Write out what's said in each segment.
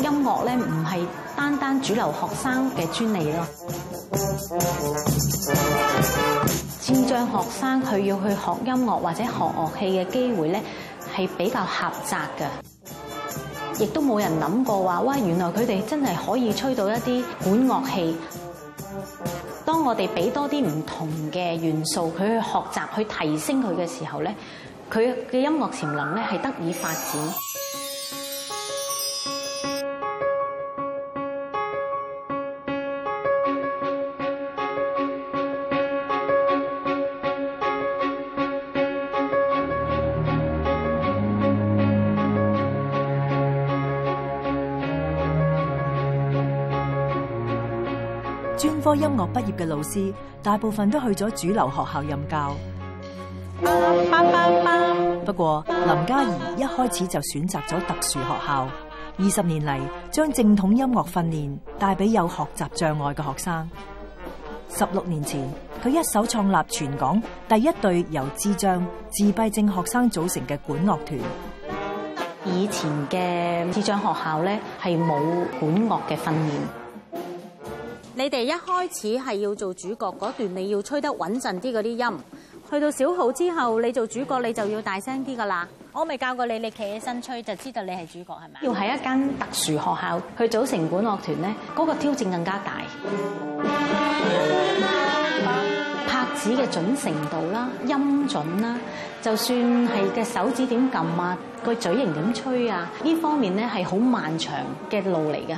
音樂咧唔係單單主流學生嘅專利咯，智障學生佢要去學音樂或者學樂器嘅機會咧係比較狹窄嘅，亦都冇人諗過話哇原來佢哋真係可以吹到一啲管樂器。當我哋俾多啲唔同嘅元素佢去學習去提升佢嘅時候咧，佢嘅音樂潛能咧係得以發展。專科音樂畢業嘅老師，大部分都去咗主流學校任教。不過林家儀一開始就選擇咗特殊學校，二十年嚟將正統音樂訓練帶俾有學習障礙嘅學生。十六年前，佢一手創立全港第一隊由智障、自閉症學生組成嘅管樂團。以前嘅智障學校咧係冇管樂嘅訓練。你哋一開始係要做主角嗰段，你要吹得穩陣啲嗰啲音；去到小號之後，你做主角你就要大聲啲㗎喇。我未教過你，你企起身吹就知道你係主角係咪？要喺一間特殊學校去組成管樂團咧，嗰個挑戰更加大。拍子嘅準程度啦，音準啦，就算係嘅手指點撳啊，個嘴型點吹啊，呢方面咧係好漫長嘅路嚟嘅。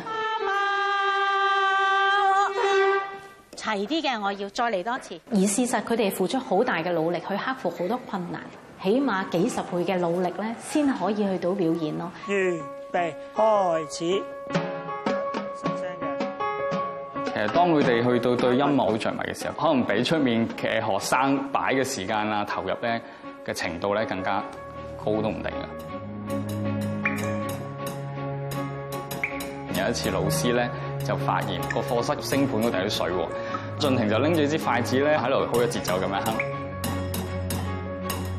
係啲嘅，我要再嚟多次。而事實佢哋付出好大嘅努力去克服好多困難，起碼幾十倍嘅努力咧，先可以去到表演咯。預備開始，實聲嘅。其實當佢哋去到對音樂好着迷嘅時候，可能比出面嘅學生擺嘅時間啦，投入咧嘅程度咧更加高都唔定 有一次老師咧就發現個課室升盤都度咗水喎。俊霆就拎住支筷子咧喺度好有節奏咁樣哼，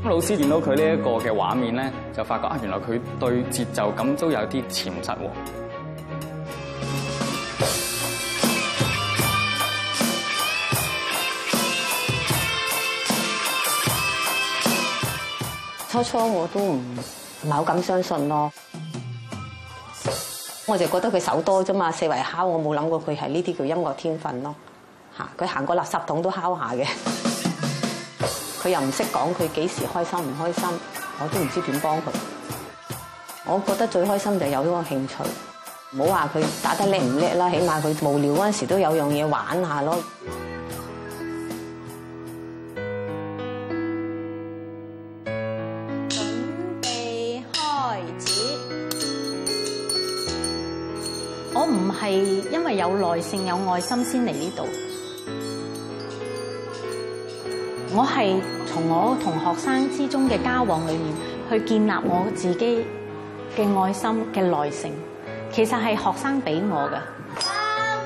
咁老師見到佢呢一個嘅畫面咧，就發覺啊，原來佢對節奏感都有啲潛質喎。初初我都唔係好咁相信咯，我就覺得佢手多啫嘛，四圍敲，我冇諗過佢係呢啲叫音樂天分咯。嚇！佢行過垃圾桶都敲下嘅，佢又唔識講，佢幾時開心唔開心，我都唔知點幫佢。我覺得最開心就係有呢個興趣，唔好話佢打得叻唔叻啦，起碼佢無聊嗰陣時都有樣嘢玩下咯。準備開始。我唔係因為有耐性、有愛心先嚟呢度。我係從我同學生之中嘅交往裏面，去建立我自己嘅愛心嘅耐性。其實係學生俾我嘅。三、二、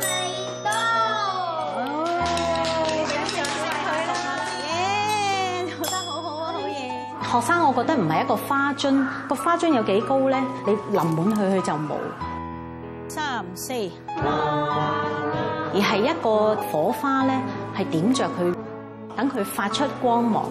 一，點著佢啦！誒，做得好好啊，好嘢！學生，我覺得唔係一個花樽，個花樽有幾高咧？你淋滿去去就冇。三、四，而係一個火花咧，係點着佢。等佢發出光芒。